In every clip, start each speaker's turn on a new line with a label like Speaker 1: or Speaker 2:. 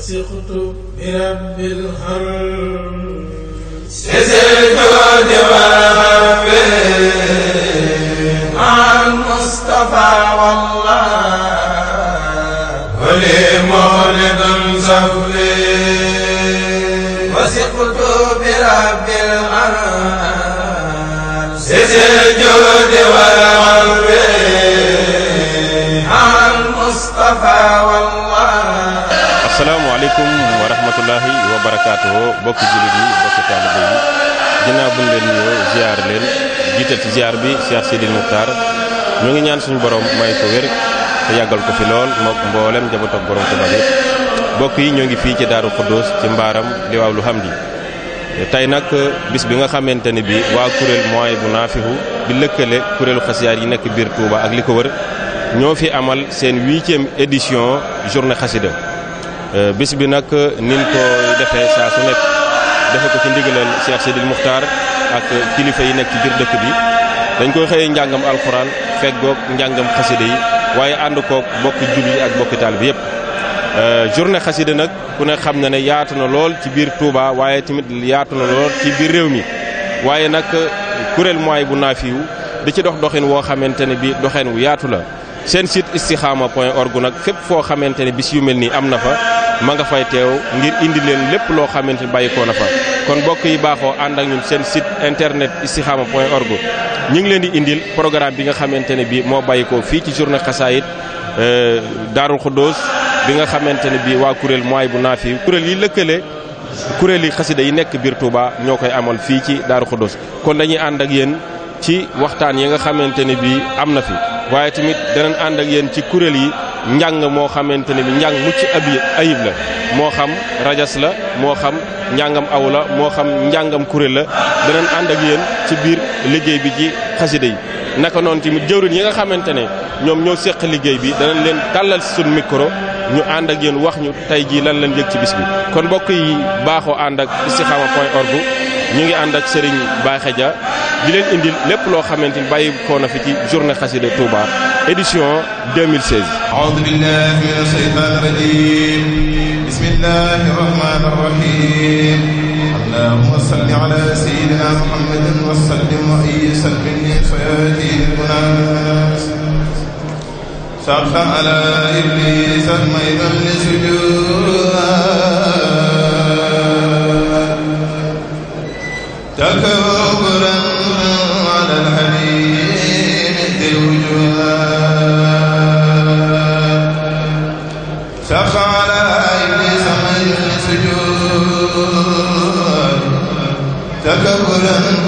Speaker 1: سقت برب الهرم
Speaker 2: سزلت وجوابي مع المصطفى والله
Speaker 1: ولي مولد زولي وسقت برب
Speaker 3: asalaamaaleykum wa rahmatullahi wa barakaatuho bokki jullit yi bokki taalibe yi ginnaaw buñ leen nuyoo ziar leen jiital ci ziar bi Cheikh Sidil Muxtaar ñu ngi ñaan suñu borom may ko wér te yàggal ko fi lool mook mboolem njaboot ak borom Tuubaa yépp bokk yi ñoo ngi fii ci Daaru Xuddoos ci mbaaram Liwaawul Hamdi tey nag bis bi nga xamante ne bi waa kuréel mooy bu naafihu bi lëkkale kuréelu xasiyaar yi nekk biir Touba ak li ko wër ñoo fi amal seen huitième édition journée Euh, bis bi nag euh, nin ko defee saa su nekk defe ko ci ndigalal Cheikh Sidil Muxtaar ak kilifa yi nekk ci biir dëkk bi dañ koy xëyee njàngam alxuraan feggoog njàngam xasida yi waaye ànd koog bokki jub yi ak bokki taal bi yëpp euh, journée xasida nag ku ne xam na ne yaatu na lool ci biir Touba waaye tamit yaatu na lool ci biir réew mi waaye nag kuréel mooy bu naafiwu di ci dox doxin woo xamante ne bi doxin wu yaatu la seen site istikhama point org nag fépp foo xamante ne si yu mel nii am na fa ma nga fay teew ngir indi leen lépp loo xamante ne bàyyikoo na fa kon mbokk yi baaxoo ànd ak ñun seen site internet istikhama point org ñu ngi leen di indil programme bi nga xamante ne bii moo bàyyikoo fii ci journée xasaayit euh, daarul xuddoos bi nga xamante ne bii waa kuréel mooy bu naafi kuréel yi lëkkale kuréel yi xasida yi nekk biir Touba ñoo koy amoon fii ci daaru xuddoos kon dañuy ànd ak yéen ci waxtaan yi nga xamante ne bii am na fi waaye tamit danañ ànd ak yéen ci kuréel yi njàng moo xamante ne bi njàng mucc ayib la moo xam rajas la moo xam njàngam aw la moo xam njàngam kuréel la danañ ànd ak yéen ci biir liggéey bi ci xasida yi naka noonu tamit jëwriñ yi nga xamante ne ñoom ñoo seq liggéey bi danañ leen tàllal suñ micro ñu ànd ak yéen wax ñu tey jii lan lañ yëg ci bis bi kon mbokk yi baaxoo ànd ak istikhama point org ñu ngi ànd ak sëriñ baaxe ja di leen indil lépp loo xamante ni bàyyi koo na fi ci journée xasida Touba édition 2016. aoudu billahi mina shaytaani rajim bismillahi rahmani rahim allahumma
Speaker 1: salli ala sayyidina muhammadin wa sallim wa ayyi salmin sayatin munas sabqa ala iblis maydan sujud تكبرا على الحديث الوجوه سخى على إبليس من
Speaker 2: سجود تكبرا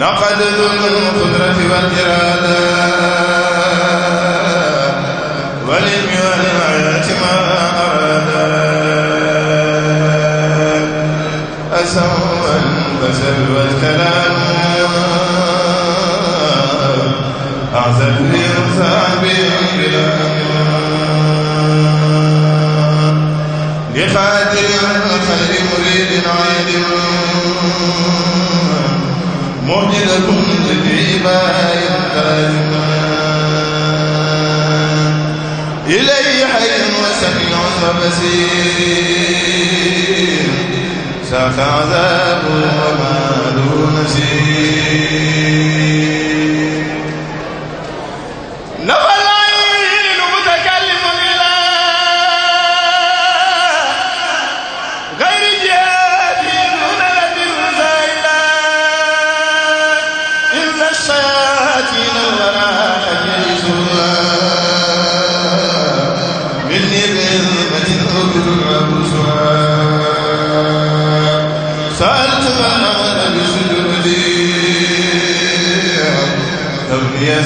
Speaker 1: لقد ذو القدرة والإرادة ولم والحياة ما أراد أسوا البشر والكلام أعزب لي مخرجكم لبإباء الظالمان إليه حي وسميع وبصير ساق عذابه وما له نسير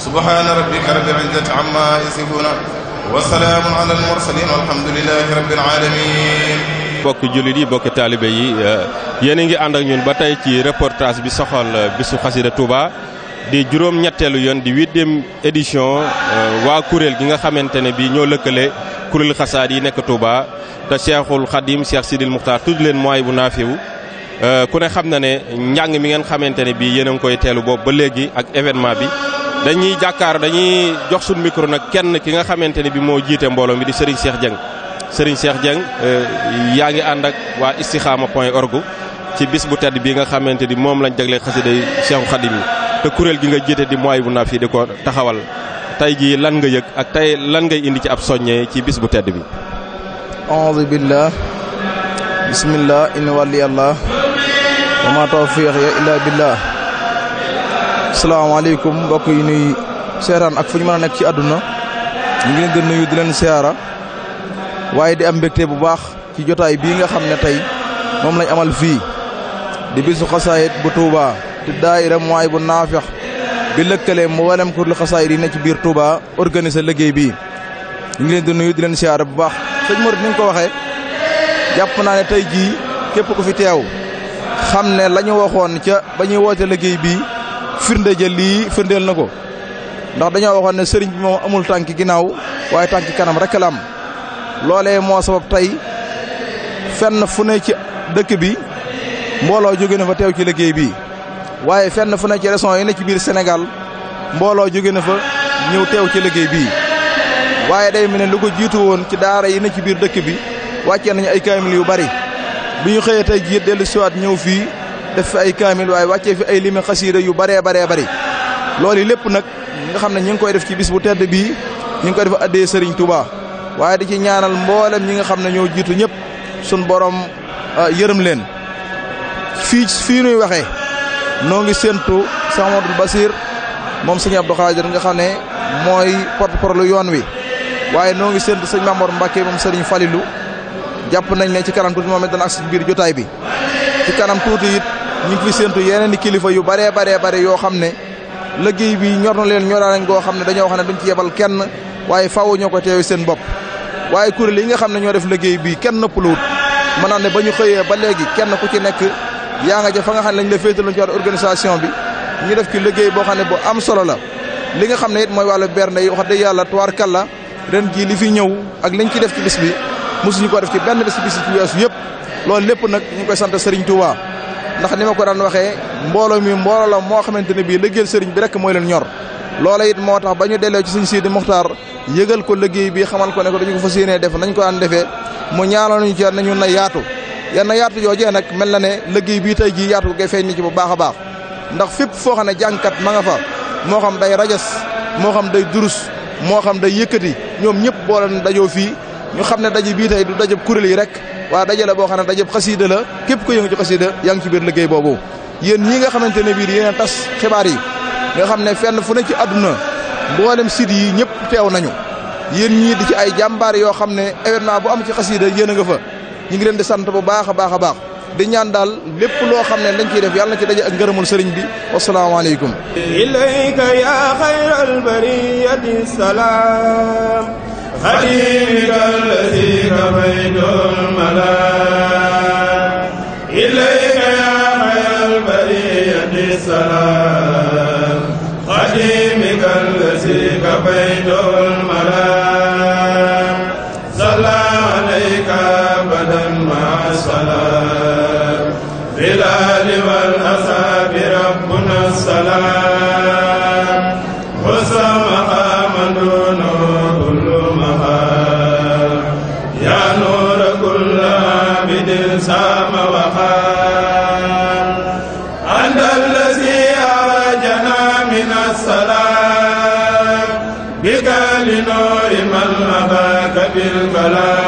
Speaker 4: subhaana rabbika a izzati ammaa yasifuuna wa salaamun alal mursaliin walhamdulillaahi rabbil aalamiin
Speaker 3: bokki jullit yi bokki taalibe yi yéen a ngi ànd ak ñun ba tey ci reportage bi soxal bisu xasida Touba di juróom ñetteelu yoon di huitième édition waa kuréel gi nga xamante ne bi ñoo lëkkale kuréel xasaat yi nekk Touba te Cheikhul Khadim Cheikh Sidil Muxtaar tudd leen mooy bu naafiwu ku ne xam na ne njàng mi ngeen xamante ne bi yéen a ngi koy teelu boobu ba léegi ak événement bi dañuy jàkkaar dañuy jox suñu micro nag kenn ki nga xamante ni bi moo jiite mbooloo mi di Serigne Cheikh Dieng Serigne Cheikh Dieng euh, yaa ngi ànd ak waa Istikhama point org ci bis bu tedd bi nga xamante ni moom lañ jagle xasida Cheikhu Xadim yi te kuréel gi nga jiite di mooy bu naa fii di ko taxawal tey jii lan nga yëg ak tey lan ngay indi ci ab soññee ci bis bu tedd bi
Speaker 4: aoudu billah bismillah in wàlli yàlla wa ma tawfiq ya illa billah salaamaaleykum mbokk yi nuy seeraan ak fu ñu mën a nekk ci àdduna ñu ngi leen di nuyu di leen siyaara waaye di am mbégte bu baax ci jotaay bii nga xam ne tey moom lañ amal fii di bisu xasaayit bu Touba te daayira mooy bu naafex bi lëkkalee mboolem kuréel xasaayit yi ne ci biir Touba organiser liggéey bii ñu ngi leen di nuyu di leen siyaara bu baax sëñ Mor ni ko waxee jàpp naa ne tey jii képp ku fi teew xam ne lañu waxoon ca ba ñuy woote liggéey bii firnde jël lii firndeel na ko ndax dañoo waxoon ne sëriñ bi moom amul tànk ginnaaw waaye tànk kanam rek la am loolee moo sabab tey fenn fu ne ci dëkk bi mbooloo jóge ne fa teew ci liggéey bi waaye fenn fu ne ci régions yi ne ci biir senegal mbooloo jóge na fa ñëw teew ci liggéey bii waaye day mel ne lu ko jiitu woon ci daara yi ne ci biir dëkk bi wàccee nañu ay kaamil yu bari bu ñu xëyee tey jiit dellu siwaat ñëw fii def fi ay kaamil waaye wàccee fi ay limi xasiida yu baree baree bari loolu lépp nag nga xam ne ñi ngi koy def ci bis bu tedd bii ñi ngi koy def addee Serigne Touba waaye di ci ñaanal mboolem ñi nga xam ne ñoo jiitu ñëpp sun borom ah, yërëm leen fii fii nuy waxee noo ngi séentu Cheikh Mamadou Basir moom sëñ Abdou Khadir nga xam ne mooy porte-parole yoon wi waaye noo ngi séentu sëñ Mamour Mbacke moom Serigne Falilou jàpp nañ ne ci kanam tuuti moom it dana ak si biir jotaay bi ci kanam ñu ngi fi séntu yeneen i kilifa yu bare bare bare yoo xam ne liggéey bi ñor na leen ñoraan goo xam ne dañoo xam ne duñ ci yebal kenn waaye faw ñoo ko teewe seen bopp waaye kuréel yi nga xam ne ñoo def liggéey bi kenn nëppaluwut mën naa ne ba ñu xëyee ba léegi kenn ku ci nekk yaa nga ca fa nga xam ne lañ la féetaloon ci wàllu organisation bi ñu def ci liggéey boo xam ne bu am solo la li nga xam ne it mooy wàllu bernde yi wax dëgg yàlla tuwaar kàlla ren jii li fi ñëw ak liñ ci def ci bis bi mosuñu ko def ci benn bis bis ci weesu yëpp loolu lépp nag ñu koy sant Serigne Touba ndax ni ma ko daan waxee mbooloo mi mbooloo la moo xamante ne bii liggéeyal sëriñ bi rek mooy leen ñor loola it moo tax ba ñu delloo ci suñ Sidi Muxtaar yëgal ko liggéey bii xamal ko ne ko dañu ko fas yéenee def nañ ko daan defee mu ñaanal ñu ci nañu na yaatu yan na yaatu joojee nag mel na ne liggéey bii tey jii yaatu ko koy ni ci bu baax a baax ndax fépp foo xam ne jàngkat ma nga fa moo xam day rajas moo xam day durus moo xam day yëkkati ñoom ñëpp boo leen dajoo fii ñu xam ne daje bii tey du dajëb kuréel yi rek waaye daje la boo xam ne dajëb xasiida la képp ko yëngu ci xasiida yaa ci biir liggéey boobu yéen ñi nga xamante ne bii yéen tas xibaar yi nga xam ne fenn fu ne ci àdduna mboolem site yi ñëpp teew nañu yéen ñii di ci ay jàmbaar yoo xam ne événement bo am ci xasiida yéen a nga fa ñu ngi leen di sant bu baax a baax baax di ñaan daal lépp loo xam ne dañ ciy def yàlla na ci daje ak ngërëmul sëriñ bi wasalaamaaleykum ilayka ya xayral bariyati salaam
Speaker 1: خديمك الذي كفيت الملا إليك يا خير البرية السلام خديمك الذي كفيت الملا صلى عليك أبدا مع السلام بالبلاء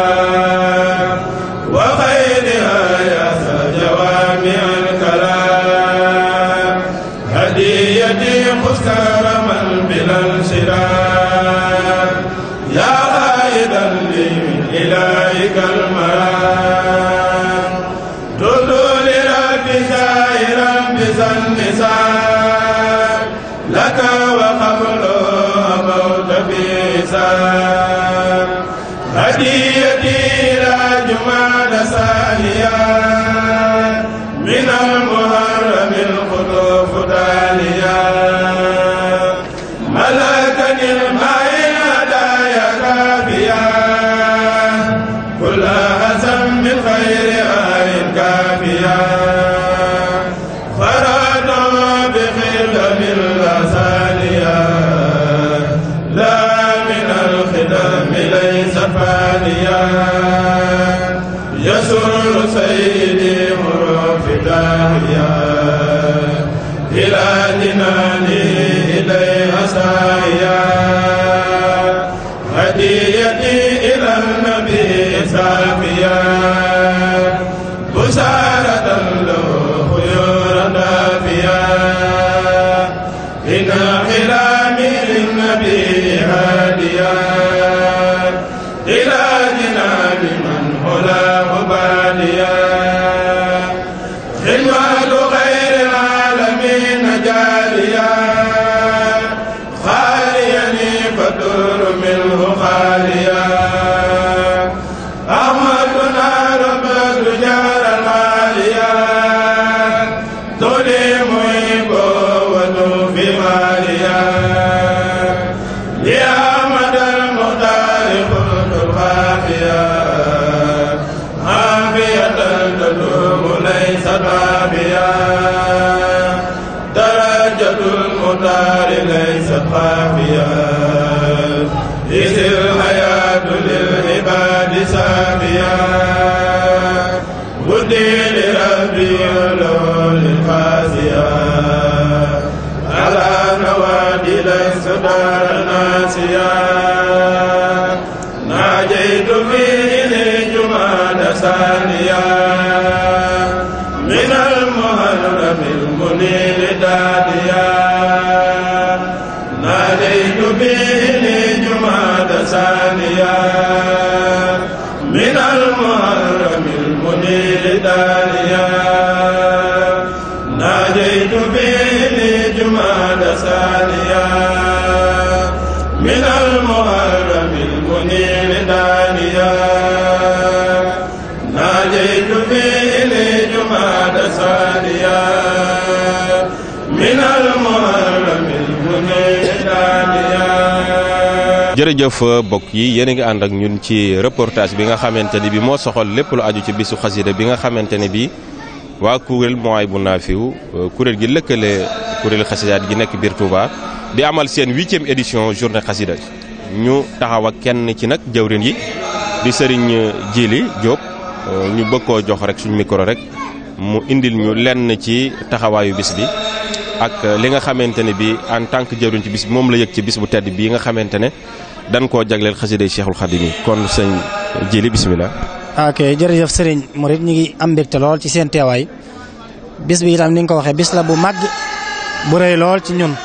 Speaker 1: دارنا سيا
Speaker 3: jërëjëf euh, bokk yi yéen a ngi ànd ak ñun ci reportage bi nga xamante ni bi moo soxal lépp lu aju ci bisu xasida bi nga xamante ne bi waa kuréel mooy bu naafiw euh, kuréel gi lëkkale kuréel xasidaat gi nekk biir Touba di amal seen huitième édition journée xasida ñu taxaw ak kenn ci nag jëwrin yi di sëriñ jiili Diop euh, ñu bëgg koo jox rek suñ micro rek mu indil ñu lenn ci taxawaayu bis bi ak li nga xamante ne bi en tant que ci bis moom la yëg ci bis bu tedd bii nga xamante ne dan koo jagleel xasiday Cheikhul Khadim yi kon sëñ jili bisimilah.
Speaker 5: ok jërëjëf Serigne Mouride ñu ngi am mbégte lool ci seen teewaay bis bi itam ni nga ko waxee bis la bu màgg bu rëy lool ci ñun.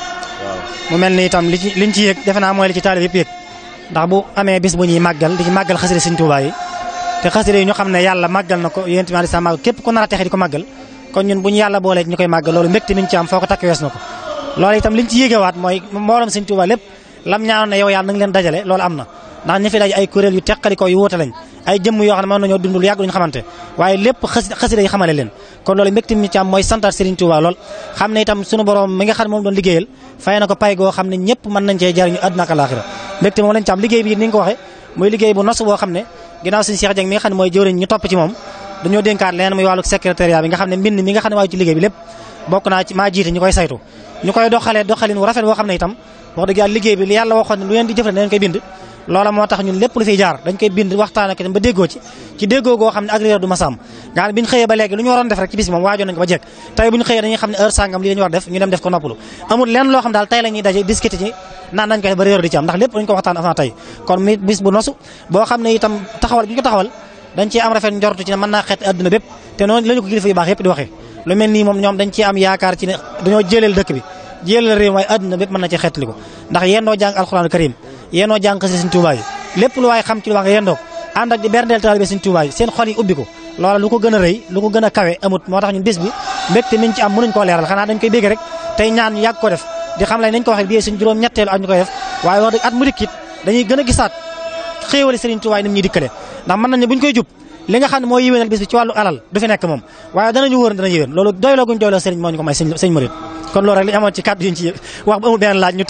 Speaker 5: mu mel ni itam li ci liñ ci yëg defe naa mooy li ci taalib yëpp yëg ndax bu amee bis bu ñuy màggal di ci màggal xasida Sëriñ Tuubaa yi te xasida yi ñu xam ne yàlla màggal na ko yénti ma sa màggal képp ku nar a texe di ko màggal kon ñun bu ñu yàlla boolee ñu koy màggal loolu mbégte mi ñu ci am foo ko takk wees na ko loolu itam liñ ci yéegewaat mooy mbooloom Sëriñ Tuubaa lépp lam ñaanoon ne yow yàlla na dajale loolu am na ndax ñi ay kuréel yu teqali ko yu wuute ay jëmm yoo xam ne mën duñu xamante waaye lépp xasida yi xamale leen kon loolu mbégte mi ci am mooy santaat lool xam ne itam sunu borom mi nga xam doon liggéeyal fay na pay goo xam ne ñëpp mën jariñu àdduna ak alaaxira mbégte moom liggéey bi ni waxe muy liggéey bu nos boo xam ne ginnaaw suñu Cheikh wax dëgg yàlla liggéey bi li yàlla waxoon ne lu ngeen di jëfandikoo ngeen koy bind loola moo tax ñun lépp lu fiy jaar dañ koy bind waxtaan ak ci ci goo xam ne agréer du masam nga xam ne ñu def ko ba jekk tey bu loo xam daal tey la daje discuter ci naan nañ ko ba réer di ci ndax lépp dañ ko waxtaan avant tey kon mi bis bu nosu boo xam ne itam taxawal dañ ciy am rafet njortu ci ne mën naa xeet adduna bépp te noonu lañu ko kilifa yu baax yépp di waxee lu mel nii moom ñoom dañ ciy am yaakaar ci ne jéel la réew waaye àdduna bépp mën na ci xeetli ko ndax yendoo jàng alxuraan karim yendoo jàng xasida Sëriñ Tuubaa yi lépp lu waaye xam ci lu wax nga yendoo ko ànd ak di berndeel taalibe Sëriñ seen xol yi ubbi ko loola lu ko gën a rëy lu ko gën a kawe amut moo tax ñun bés bi mbégte miñ ci am mënuñ koo leeral xanaa dañ koy bégg rek tey ñaan yàgg ko def di xam lay nañ ko waxee bii suñ juróom ñetteelu at ñu koy def waaye wax dëgg at mu dikkit a gisaat xéewali Sëriñ Tuubaa yi ni ñuy dikkale ndax mën jub li nga xam ne mooy yéwénal bis bi ci wàllu alal du fi nekk moom waaye danañu wóor dana yéwén loolu doyloo guñ doyloo sëriñ moo ñu ko may sëñ murit kon loolu rek li amoon ci kàddu yi ñu ci wax ba amul beneen laaj ñu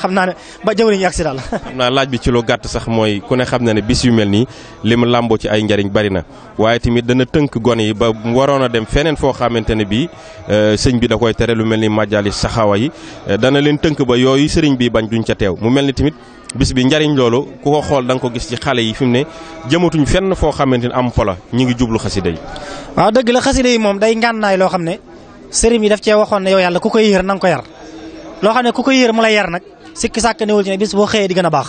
Speaker 5: xam naa ba jëwriñ yi accident la xam
Speaker 3: naa laaj bi ci lu gàtt sax mooy ku ne xam na ne bis yu mel nii li mu làmboo ci ay njariñ bari na waaye tamit dana tënk gone yi ba waroon a dem feneen foo xamante ne bii euh, sëñ bi da koy tere lu mel ni majali saxawa yi euh, dana leen tënk ba yooyu sëriñ bi bañ duñ ca teew mu mel ni tamit bis bi njariñ loolu ku ko xool da nga ko gis ci xale yi fi mu ne jëmatuñ fenn foo xamante ne am pola ñu ngi jublu xasida yi
Speaker 5: waaw dëgg la xasida yi moom day ngànnaay loo xam ne sëriñ yi daf cee waxoon ne yow yàlla ku koy yër na nga ko yar loo xam ne ku koy yër mu lay yar nag sikki sàkk newul ci ne bis boo xëyee di gën a baax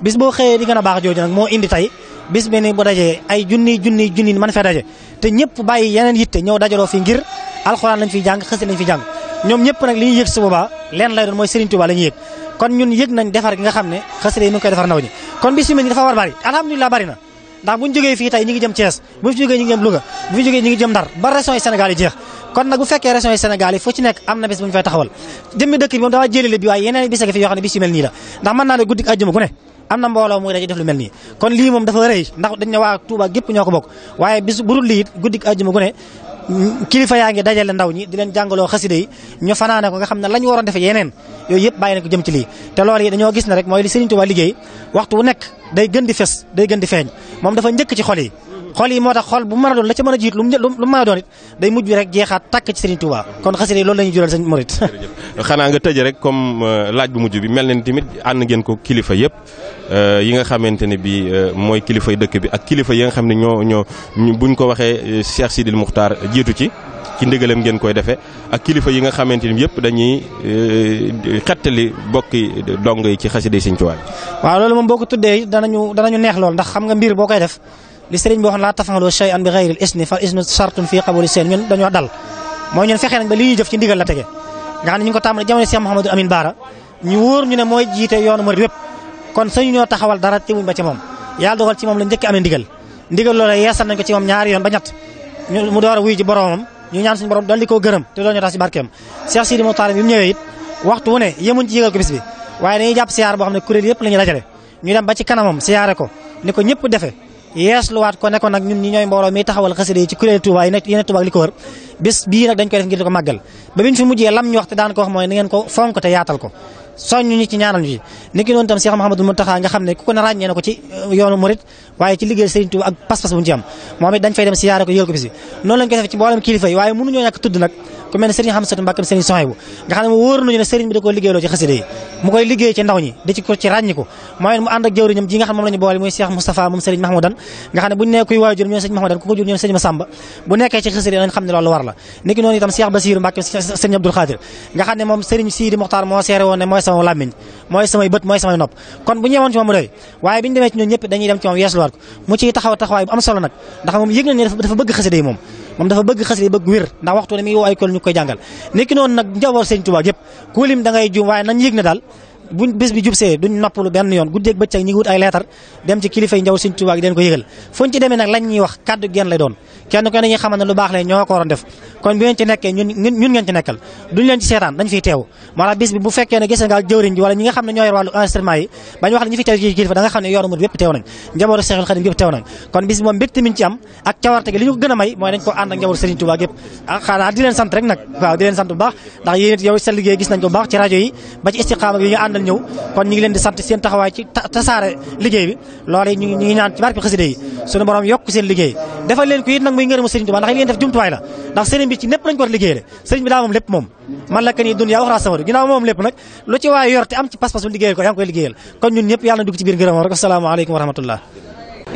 Speaker 5: bis boo xëyee di gën a baax jooju nag moo indi tey bis bi ni bu dajee ay junni junni junni man fee daje te ñëpp bàyyi yeneen yitte ñëw dajaloo fi ngir alxuraan lañ fi jàng xasida lañ fi jàng ñoom ñëpp nag li ñuy yëg su boobaa leen lay doon la ñuy kon ñun yëg nañ defar gi nga xam ne xasida yi mu ngi koy defar ndaw ñi kon bi semaine yi dafa war bari alhamdulilah bari na ndax bu ñu jógee fii tey ñi ngi jëm Thiès jógee ñi ngi jëm Louga bu fi jógee ñi ngi jëm Ndar ba région yi Sénégal yi jeex kon nag bu fekkee région yi Sénégal yi ci nekk am na bis bu ñu fay taxawal jëmmi dëkk bi moom dafa jëlile bi waaye yeneen bis a ngi fi yoo xam ne bis yu mel nii la ndax mën naa ne guddi àjjuma gu am na mbooloo muy daje def lu moom dafa rëy ndax dañ ne waa ko bokk waaye bis kilifa yaa ngi dajale ndaw ñi di leen jàngaloo xasida yi ñu fanaane ko nga xam ne la ñu waroon defee yeneen yooyu yëpp bàyyi ne ko jëm ci lii te loolu yi dañoo gis ne rek mooy li Sëriñ Tuubaa liggéey waxtu wu nekk day gën di fes day gën di feeñ moom dafa njëkk ci xol yi xol yi moo tax xol bu mën a doon la a jiit lu mu day mujj rek jeexaat tàkk ci Serigne Touba kon xasida loolu la jural sëñ Morit
Speaker 3: xanaa nga tëj rek comme euh, laaj bu mujj bi mel na ni tamit ànd ngeen ko kilifa yëpp euh, yi nga xamante ne bi euh, mooy kilifay dëkk bi ak kilifa yi nga xam ne ñoo ñoo buñ ko waxee Cheikh Sidil Muxtaar jiitu ci ci ndigalam ngeen koy defee ak kilifa yi nga xamante ni yëpp dañuy xettali bokki dong yi ci xasida yi Sëñ Tuubaa
Speaker 5: waaw loolu moom boo ko tuddee danañu danañu neex lool ndax xam nga mbir boo koy def li sëriñ bi waxoon laa tafangaloo shay an bi xayril isni fa isnu sartun fii qabuli seen ñun dañoo dal mooy ñun fexe nañ ba li ñuy jëf ci ndigal la tege nga xam ñu ngi ko tàmbali jamono Cheikh Mouhamadou Amine Baara ñu wóor ñu ne mooy jiite yoonu murid yépp kon sañu taxawal dara te wuñ ba ci moom yàlla dogal ci moom la njëkk amee ndigal ndigal loola yeesal nañ ko ci moom ñaari yoon mu door a wuy ji boromam ñu ñaan suñu borom dal di koo gërëm te doo ko bis bi waaye dañuy yeesluwaat ko nekkoon nag ñun ñi ñooy mbooloo mi taxawal xasida ci kuréel Touba yi nekk yeneen Touba li bii nag dañ koy def ngir di ko màggal ba biñ fi mujjee lam ñu wax daan ko mooy na ngeen ko fonk te yaatal ko soññu ñi ci ñaanal ñu ci ni ki noonu tam Cheikh Mouhamadou Mountakha nga xam ne ku ko ne ràññee ko ci uh, yoonu murit waaye ci liggéey Serigne Touba ak pas-pas bu ñu ci moom it dañ fay dem siyaare ko yël ko bisi noonu lañ koy def ku mel ne sëriñ Xamsatu Mbàkke sëriñ Sohaybu nga xam ne mu wóor nañu ne sëriñ bi da koo liggéeyloo ci xasida mu koy liggéey ci ndaw ñi di ci moom la ñu ko mu ci taxaw taxawaay bu am solo nag ndax yëg na ne bëgg xasida moom moom dafa bëgg xasida yi bëgg wér ndax waxtu ne mi ngi woo ay école ñu koy jàngal nekki noonu nag njaboot sëñ Tuubaa yëpp ku lim da ngay juum waaye nañ yëg ne daal buñ bés bi jubsee duñ noppalu benn yoon guddeeg bëccëg ñi ngi wut ay leetar dem ci kilifa yi njaboot sëñ Tuubaa den ko yëgal fuñ ci demee nag lañ ñuy wax kàddu genn lay doon kenn ko nañuy xamal ne lu baax la ñoo ko waroon def kon bu ngeen ci nekkee ñun ñun ngeen ci nekkal duñ leen ci seetaan dañ kon bis bi moom mbégte mi ci am ak cawarte gi li ñu ko gën ah, leen sant bu baax ndax yéen it ci barke xasida yi suñu yokk seen liggéey defal leen ko it nag muy ngërëmu Serigne Touba ndax li def jumtuwaay la bi ci lépp lañ ko war a liggéeyale bi daa moom lépp moom man la ka ni dunya wax raa samadu ginnaaw moom lépp nag lu ci waaye yor te am ci pas-pas bu ko yaa ngi koy liggéeyal kon ñun ñëpp yàlla na ci biir ngërëmam rek asalaamaaleykum wa rahmatullah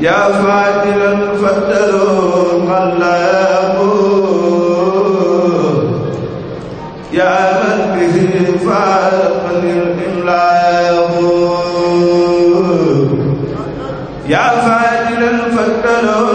Speaker 1: yaa faatilan faddaloo xalaabu yaa man bihim faaqanil imlaabu yaa faatilan faddaloo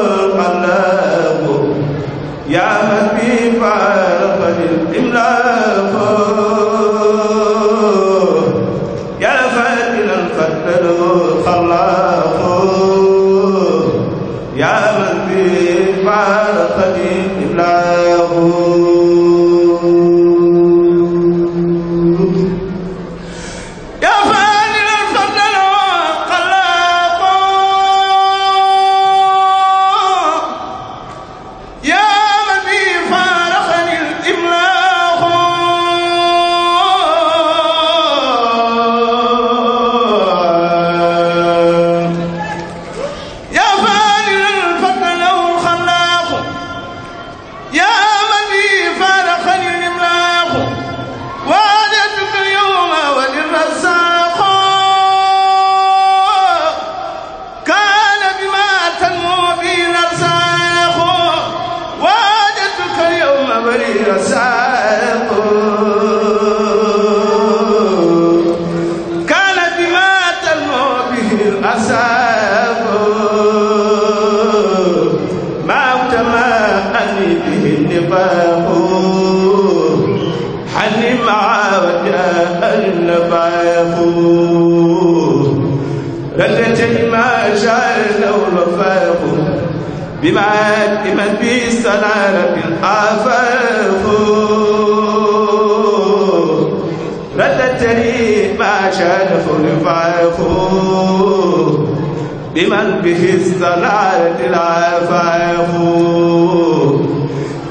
Speaker 1: به الصلاة العفائق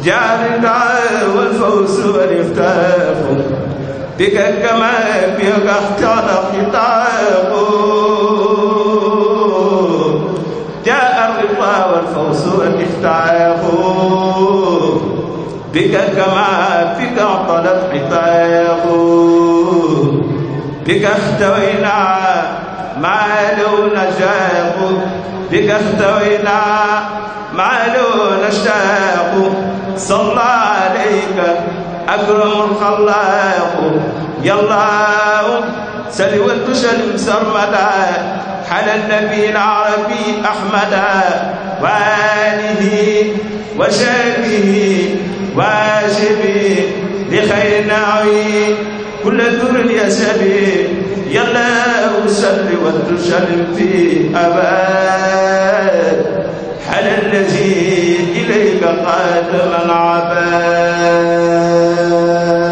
Speaker 1: جعل الدعاء والفوز والافتاق بك كما بك احتال خطاق جاء الرضا والفوز والافتاق بك كما بك اعطلت حطاق بك احتوينا بك اختوينا معلول اشتاق صلى عليك أكرم الخلاق يا الله سل وتسلم سرمدا على النبي العربي أحمد وآله وشابه واشبه لخير نعيم كل ذر اليسر يلا أسل وتسلم في
Speaker 2: أباد
Speaker 1: على الذي إليك قد من عباد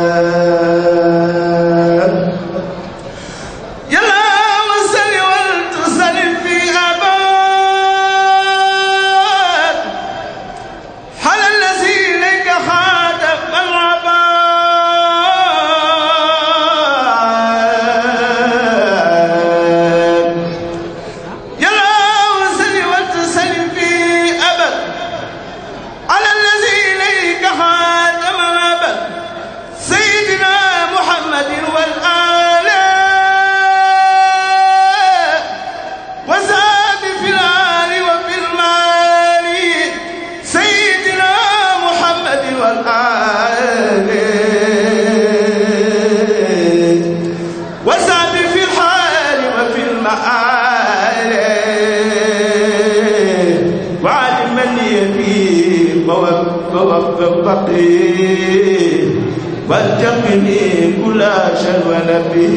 Speaker 1: واتقني كل شلول به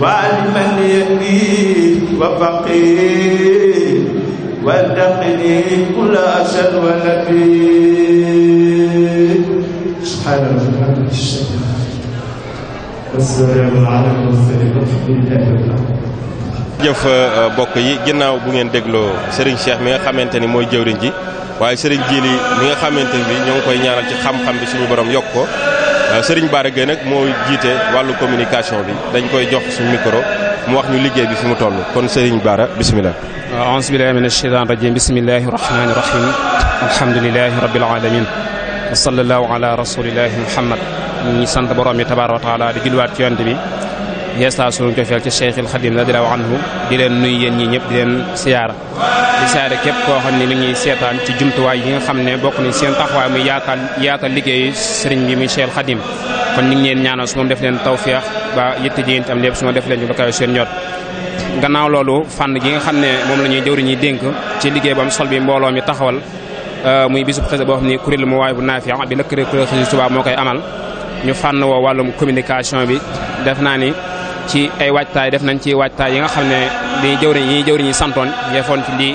Speaker 1: وعلما يهدي وفقيه واتقني كل شلول به سبحان الله والسلام على المرسلين والحمد لله رب العالمين
Speaker 3: jëf mbokk yi ginnaaw bu ngeen dégloo Serigne Cheikh mi nga xamante ni mooy jëwriñ ji waaye sëriñ Jili mi nga xamante bi ñoo ngi koy ñaanal ci xam-xam bi suñu borom yokk ko euh, sëriñ Bara Gueye nag moo jiite wàllu communication bi dañ koy jox suñu micro mu wax ñu liggéey bi fi mu toll kon sëriñ Bara bisimilah.
Speaker 6: Euh, aouzu billahi min asheytan rajim bismillahi rahmani rahim alhamdulilahi rabbil alamin wa sallallahu ala rasulillahi muhammad ñu sant borom yi tabaaraka wa taala di julwaat ci yonent bi yeesaa sunu cofeel ci Cheikhul Khadim radiyallahu anhu di leen nuyu yéen ñi ñëpp di leen siyaara di siyaara képp koo xam ne mi ngi seetaan ci jumtuwaay yi nga xam ne bokk nañ seen taxawaay muy yaatal yaatal liggéeyu sëriñ bi muy Cheikhul Khadim kon ñu ngi leen ñaanal su moom def leen tawféex ba yëtti ji tam lépp su ma def leen ñu la kawe seen ñot gannaaw loolu fànn gi nga xam ne moom la ñuy jëwriñ ñi dénk ci liggéey ba am sol bi mbooloo mi taxawal euh, muy bisub boo xam ni kuréel mu waay bu naafiya bi lëkkale kuréel xëse Tuubaa moo koy amal ñu fànn woo bi def naa ni ci ay waajtaay def nañ ci waajtaay yi nga xam ne di jëwriñ yi jëwriñ yi santoon li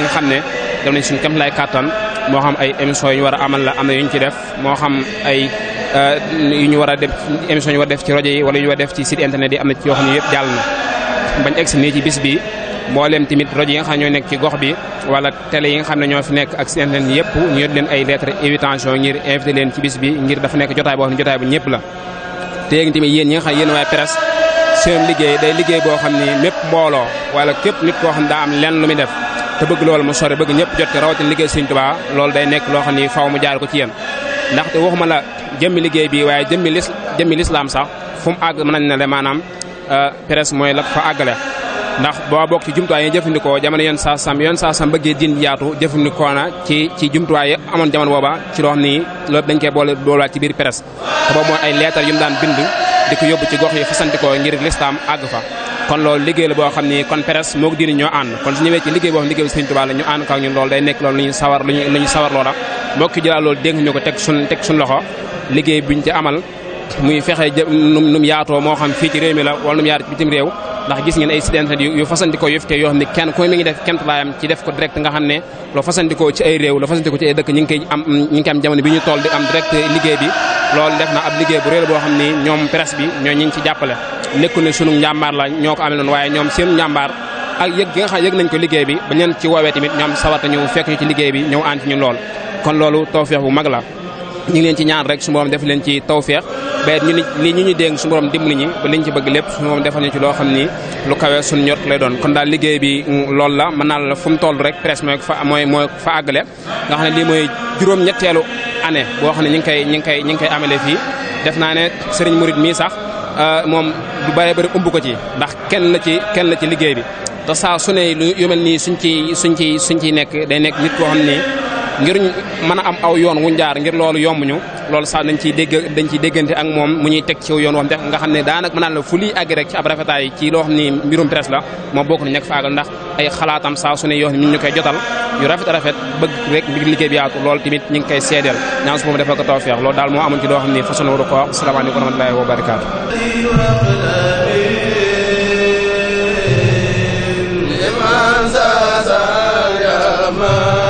Speaker 6: nga xam ne def nañ suñu kam lay kàttan moo xam ay émission yu ñu war a amal la am na yu ñu ci def moo xam ay euh, yu ñu war a def émission yu war a ci rajo yi wala yu def ci site internet yi am na ci yoo xam ne yëpp jàll na bañ egsi nii ci bis bi mboolem timit rajo yi nga xam ne ñoo nekk ci gox bi wala tele yi nga xam ne ñoo fi nekk ak site internet yëpp ñu yot leen ay lettre invitation ngir invité leen ci bis bi ngir dafa nekk jotaay boo xam bu ñëpp la seen liggéey day liggéey boo xam ni mépp mbooloo wala képp nit koo xam daa am lenn lu muy def te bëgg loolu mu sore bëgg ñëpp jot ci rawatina liggéey Sëriñ Tuubaa loolu day nekk loo xam ni faaw mu jaar ko ci yéen ndaxte waxuma la jëmmi liggéey bi waaye jëmmi lis jëmmi lislaam sax fu mu àgg mën nañ ne maanaam euh, presse mooy la fa àggale ndax boo bokk ci jumtuwaay yi jëfandikoo jamono yoon saa sam yoon saa sam bëggee diin yaatu jëfandikoo na ci jumtuwaay yi amoon jamono booba ci loo xam ni loolu dañ koy boole boolaat biir presse te boobu ay leetar yu daan bind di yóbbu ci gox yi fasantikoo ngir lislaam àgg fa kon loolu liggéey la boo xam ni kon presse moo diine ñoo ànd kon su ñëwee ci liggéey boo xam liggéey Sëriñ Tuubaa la ñu ànd ko ak ñun loolu day nekk loolu lu ñu sawar lu ñu sawar loola mbokki jëlaa loolu dénk ñu ko teg suñ teg suñ loxo liggéey buñ ci yaatoo moo xam fii ci réew mi la wala num yaatu ci bitim ndax gis ngeen ay site internet yu fasandikoo yu fi tey yoo xam ne kenn ku mi ngi def kemt laayam ci def ko direct nga xam ne loo fasandikoo ci ay réew loo fasandikoo ci ay dëkk ñu ngi koy am ñu bi ñu toll di am direct liggéey bi loolu def na ab liggéey bu réel boo xam ni ñoom presse bi ñoo ñu ngi ci jàppale nekkul ne sunu njàmbaar la ñoo ko amee waaye ñoom seen njàmbaar ak yëg nañ ko liggéey bi ba leen ci woowee tamit ñoom sawar ñu fekk ñu ci liggéey bi ñëw ànd ci ñun lool kon loolu tawfeex bu mag ñu ngi leen ci ñaan rek su borom def leen ci tawféex ba ñu li ñu ñu dénk su borom dimbali ñi ba liñ ci bëgg lépp su defal ñu ci loo xam ni lu kawee suñ ñot lay doon kon daal liggéey bi mm, loolu la mën naa la fu mu toll rek presque mooy fa mooy mooy fa àggale nga xam ne lii mooy juróom ñetteelu année boo xam ne ñu ngi koy ñu ngi koy ñu ngi koy amele fii def naa ne sëriñ murit mii sax euh, moom du bare bëri umb ko ci ndax kenn la ci kenn la ci liggéey bi te saa su lu yu nii suñ ci suñ ci suñ ciy nekk day nekk nit koo xam ni ngir mën a am aw yoon wu njaar ngir loolu yomb ñu loolu sax dañ ciy dégg dañ ciy déggante ak moom mu ñuy teg ci yoon woom nga xam ne daanaka mën naa la fu liy àgg rek ci ab rafetaay ci loo xam ni mbirum presse la moo bokk na ñàkk faagal ndax ay xalaatam saa su ne yoon xam ne ñu koy jotal yu rafet rafet bëgg rek ngir liggéey bi yaatu loolu tamit ñu ngi koy seedeel ñaan su boobu defal ko tawfeex loolu daal moo amoon ci loo xam ne façon waru ko wax salaamaaleykum wa rahmatullaahi wa barakaatu
Speaker 1: liman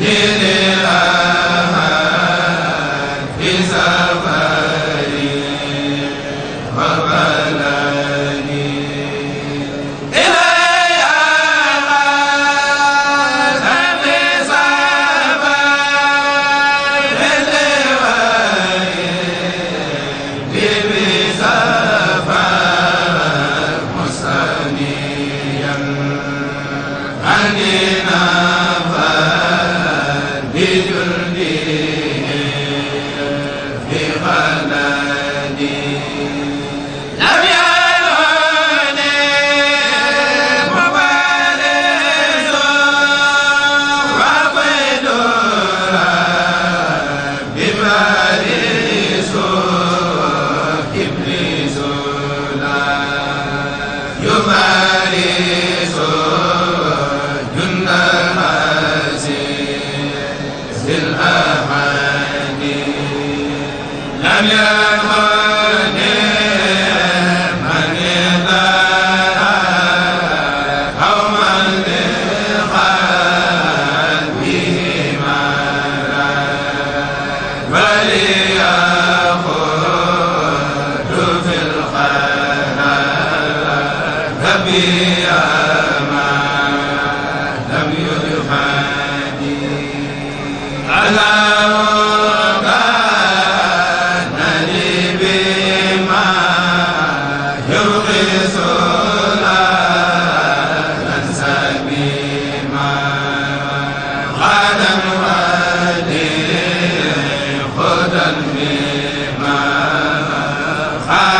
Speaker 1: li ah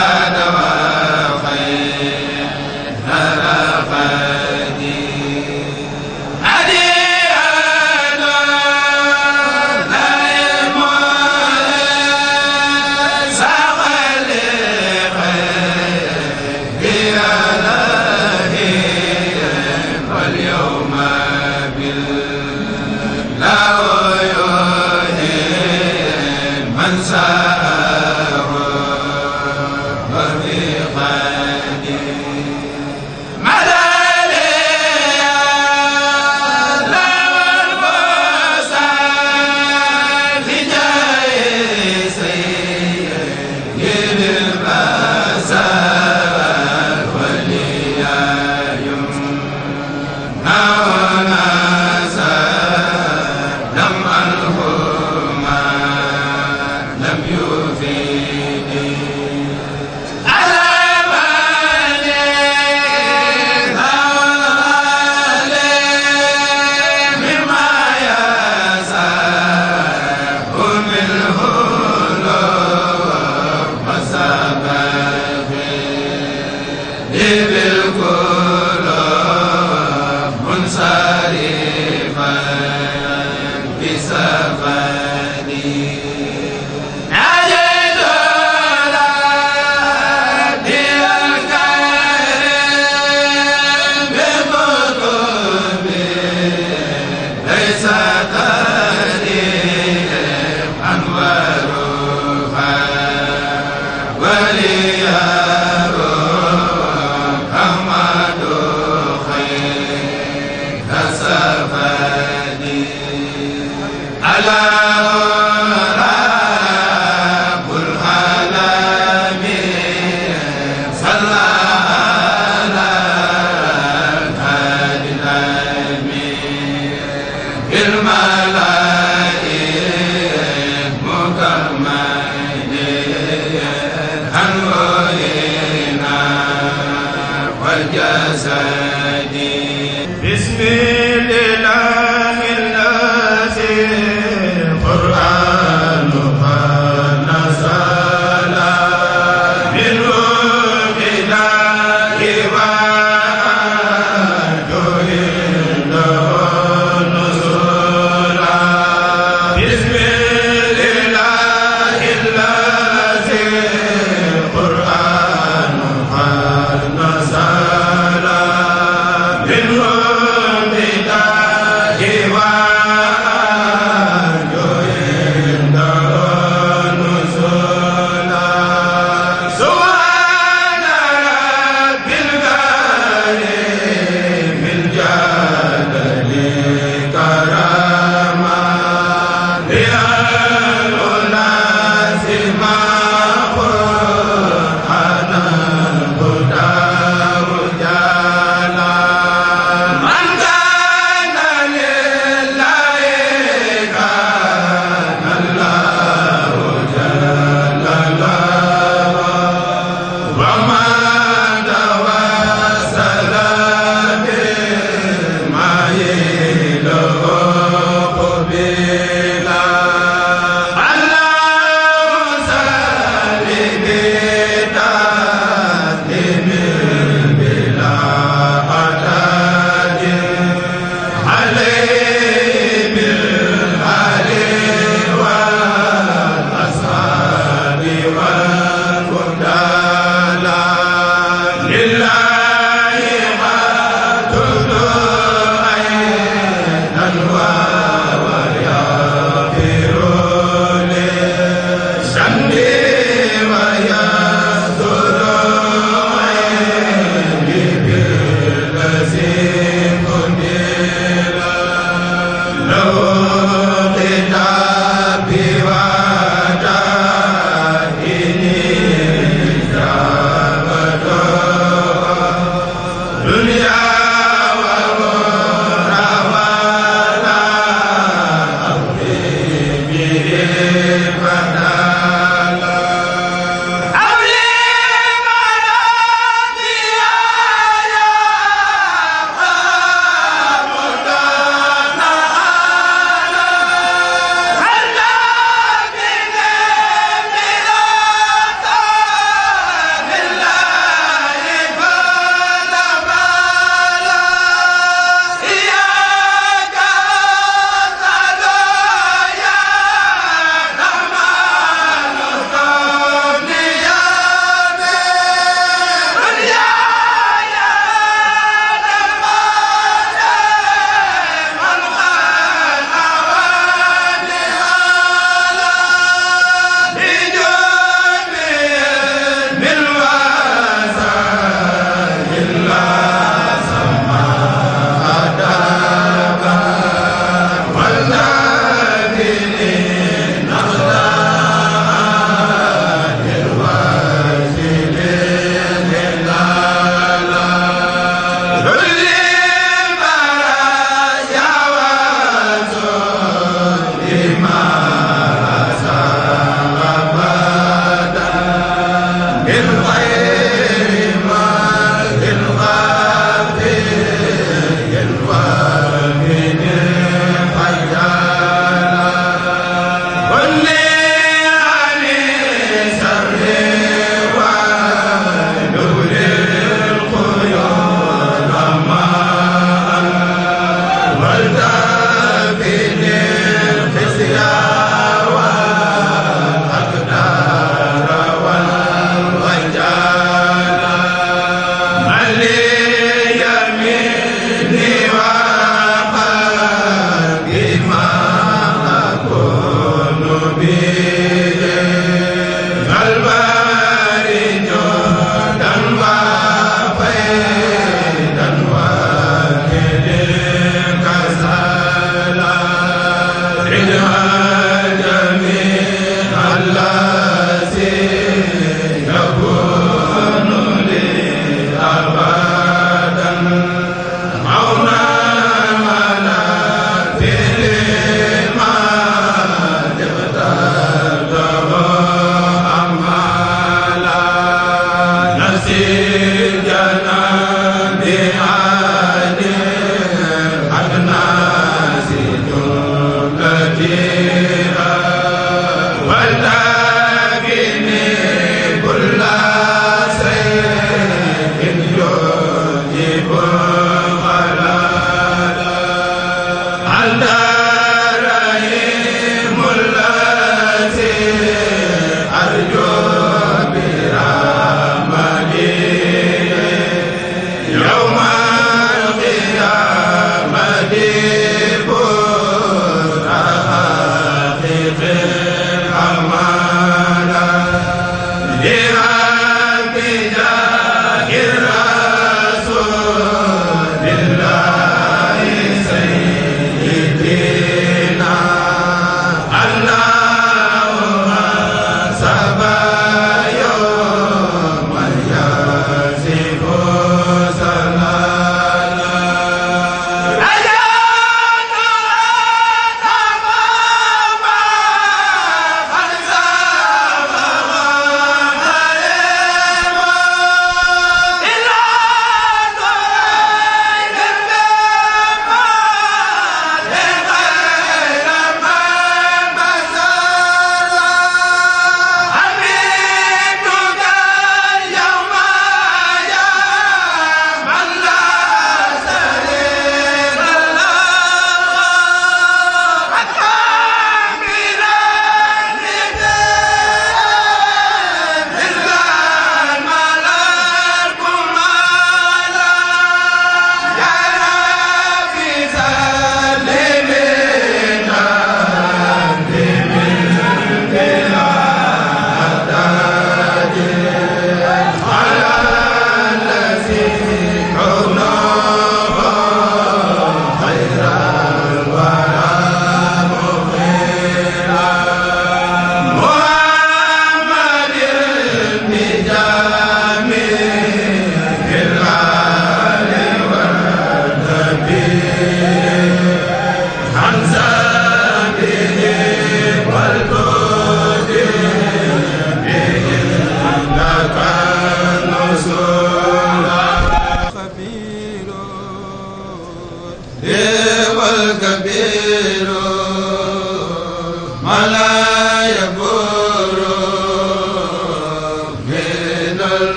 Speaker 1: li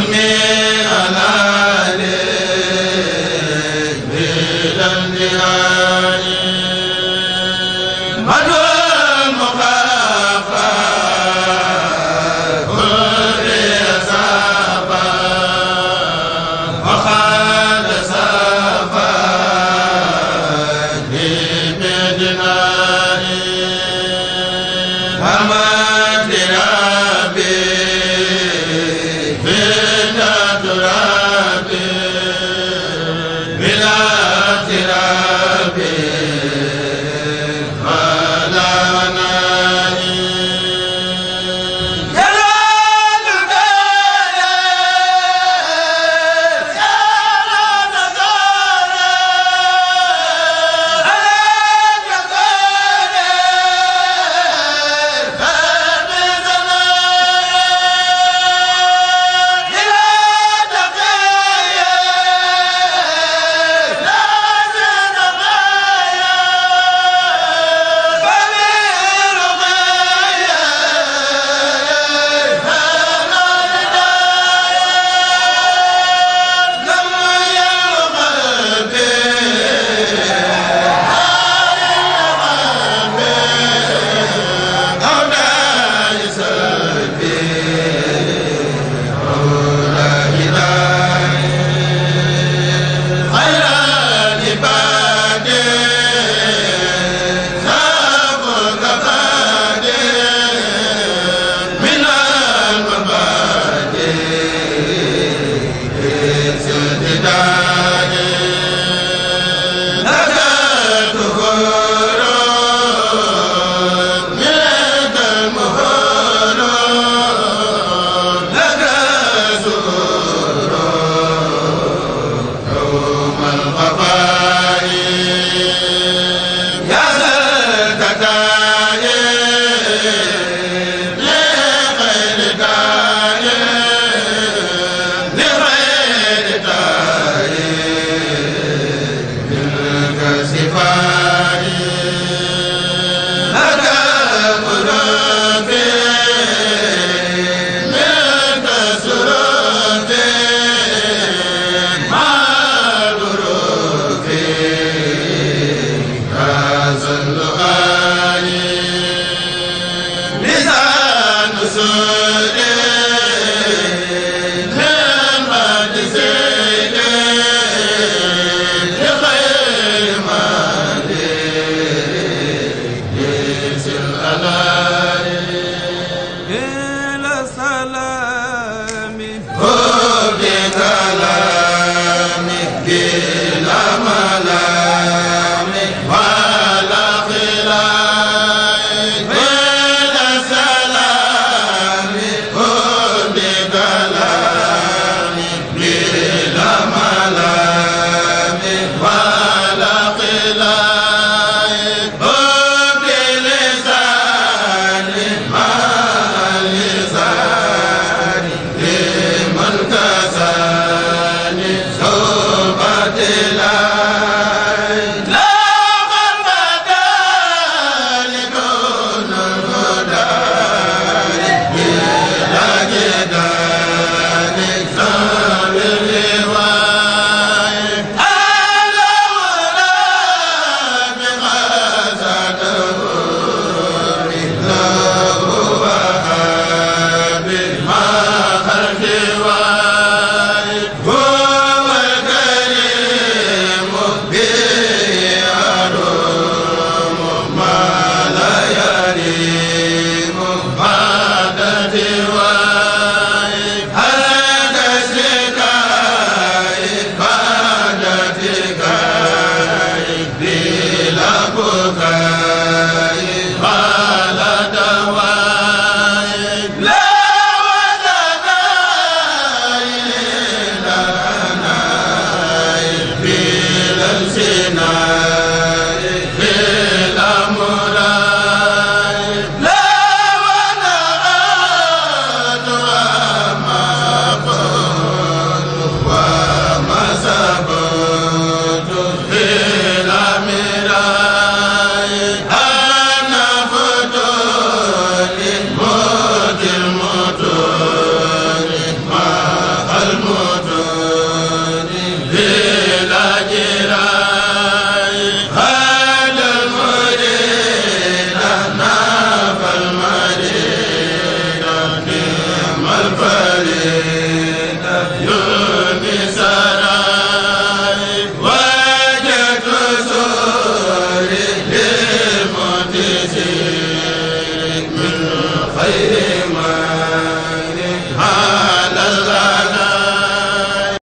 Speaker 1: Amen